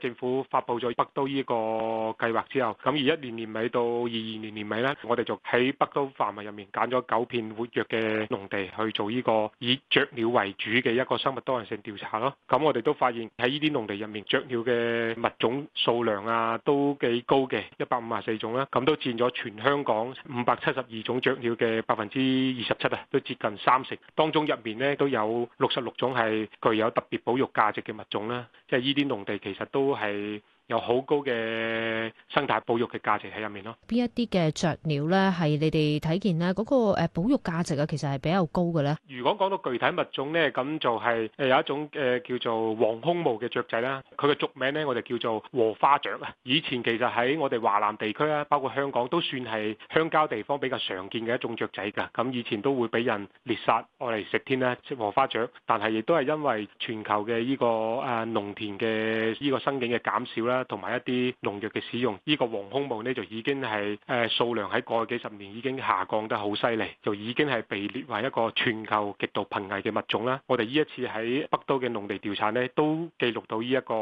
政府發布咗北都呢個計劃之後，咁二一年年尾到二二年年尾咧，我哋就喺北都範圍入面揀咗九片活躍嘅農地去做呢個以雀鳥為主嘅一個生物多樣性調查咯。咁我哋都發現喺呢啲農地入面雀鳥嘅物種數量啊都幾高嘅，一百五十四種啦，咁都佔咗全香港五百七十二種雀鳥嘅百分之二十七啊，都接近三成。當中入面咧都有六十六種係具有特別保育價值嘅物種啦，即係呢啲農地其實都。都係。有好高嘅生態保育嘅價值喺入面咯。邊一啲嘅雀鳥咧，係你哋睇見咧嗰個保育價值啊，其實係比較高嘅咧。如果講到具體物種咧，咁就係誒有一種誒叫做黃胸鵐嘅雀仔啦。佢嘅俗名咧，我哋叫做禾花雀啊。以前其實喺我哋華南地區啊，包括香港都算係鄉郊地方比較常見嘅一種雀仔㗎。咁以前都會俾人獵殺我嚟食添啦，食禾花雀。但係亦都係因為全球嘅呢個誒農田嘅呢個生境嘅減少啦。同埋一啲農藥嘅使用，呢、這個黃胸鵐呢，就已經係誒數量喺過去幾十年已經下降得好犀利，就已經係被列為一個全球極度瀕危嘅物種啦。我哋呢一次喺北都嘅農地調查呢，都記錄到呢一個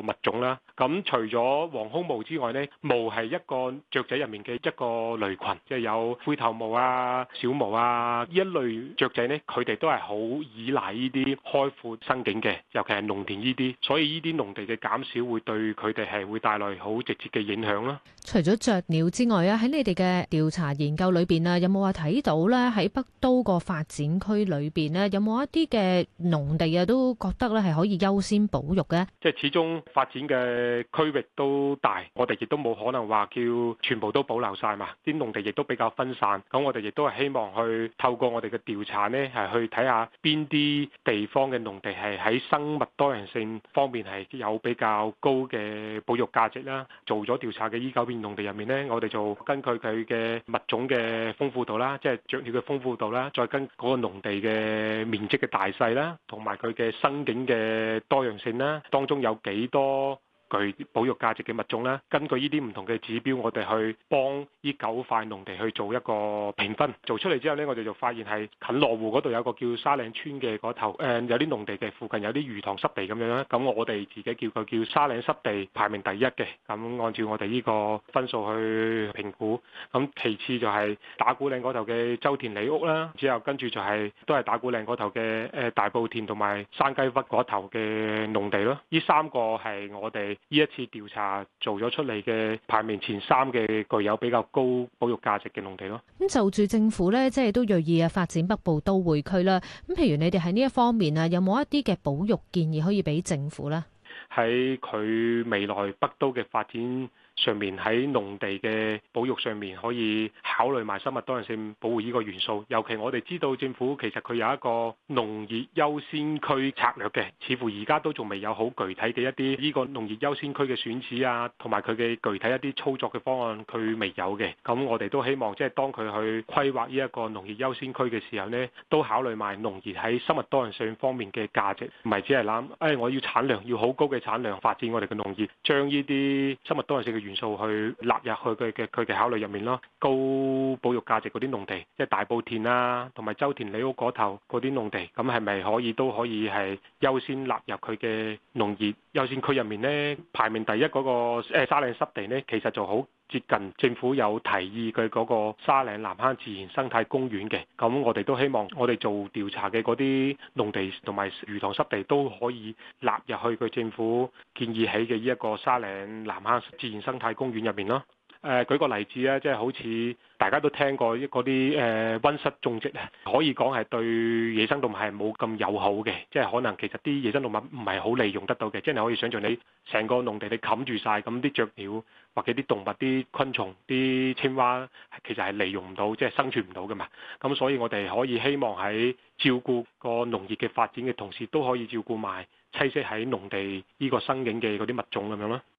物種啦。咁、嗯、除咗黃胸鵐之外呢，鵐係一個雀仔入面嘅一個類群，即係有灰頭鵐啊、小鵐啊呢一類雀仔呢，佢哋都係好依賴呢啲開闊生境嘅，尤其係農田呢啲，所以呢啲農地嘅減少會對佢哋。係會帶來好直接嘅影響啦。除咗雀鳥之外啊，喺你哋嘅調查研究裏邊啊，有冇話睇到咧？喺北都個發展區裏邊咧，有冇一啲嘅農地啊，都覺得咧，係可以優先保育嘅？即係始終發展嘅區域都大，我哋亦都冇可能話叫全部都保留晒嘛。啲農地亦都比較分散，咁我哋亦都係希望去透過我哋嘅調查咧，係去睇下邊啲地方嘅農地係喺生物多樣性方面係有比較高嘅。保育價值啦，做咗調查嘅依九片農地入面咧，我哋就根據佢嘅物種嘅豐富度啦，即係雀鳥嘅豐富度啦，再跟嗰個農地嘅面積嘅大細啦，同埋佢嘅生境嘅多樣性啦，當中有幾多具保育價值嘅物種咧，根據呢啲唔同嘅指標，我哋去幫呢九塊農地去做一個評分。做出嚟之後咧，我哋就發現係近羅湖嗰度有個叫沙嶺村嘅嗰頭，誒有啲農地嘅附近有啲魚塘濕地咁樣啦。咁我哋自己叫佢叫沙嶺濕地，排名第一嘅。咁按照我哋呢個分數去評估，咁其次就係打鼓嶺嗰頭嘅周田李屋啦，之後跟住就係都係打鼓嶺嗰頭嘅誒大埔田同埋山雞笏嗰頭嘅農地咯。呢三個係我哋。呢一次調查做咗出嚟嘅排名前三嘅具有比較高保育價值嘅農地咯。咁就住政府咧，即係都銳意啊發展北部都會區啦。咁譬如你哋喺呢一方面啊，有冇一啲嘅保育建議可以俾政府咧？喺佢未來北都嘅發展。上面喺農地嘅保育上面可以考慮埋生物多樣性保護呢個元素，尤其我哋知道政府其實佢有一個農業優先區策略嘅，似乎而家都仲未有好具體嘅一啲呢個農業優先區嘅選址啊，同埋佢嘅具體一啲操作嘅方案佢未有嘅，咁我哋都希望即係當佢去規劃呢一個農業優先區嘅時候呢都考慮埋農業喺生物多樣性方面嘅價值，唔係只係諗誒我要產量要好高嘅產量發展我哋嘅農業，將呢啲生物多樣性嘅元素，元素去納入去佢嘅、佢嘅考慮入面咯，高保育價值嗰啲農地，即係大埔田啊、同埋周田裏屋嗰頭嗰啲農地，咁係咪可以都可以係優先納入佢嘅農業優先區入面咧？排名第一嗰、那個誒、欸、沙嶺濕地咧，其實就好。接近政府有提議，佢嗰個沙嶺南坑自然生態公園嘅，咁我哋都希望我哋做調查嘅嗰啲農地同埋魚塘濕地都可以納入去佢政府建議起嘅呢一個沙嶺南坑自然生態公園入面咯。誒舉個例子啊，即係好似大家都聽過嗰啲誒温室種植啊，可以講係對野生動物係冇咁友好嘅，即係可能其實啲野生動物唔係好利用得到嘅，即係你可以想像你成個農地你冚住晒，咁啲雀鳥或者啲動物、啲昆蟲、啲青蛙，其實係利用唔到，即係生存唔到㗎嘛。咁所以我哋可以希望喺照顧個農業嘅發展嘅同時，都可以照顧埋棲息喺農地呢個生境嘅嗰啲物種咁樣囉。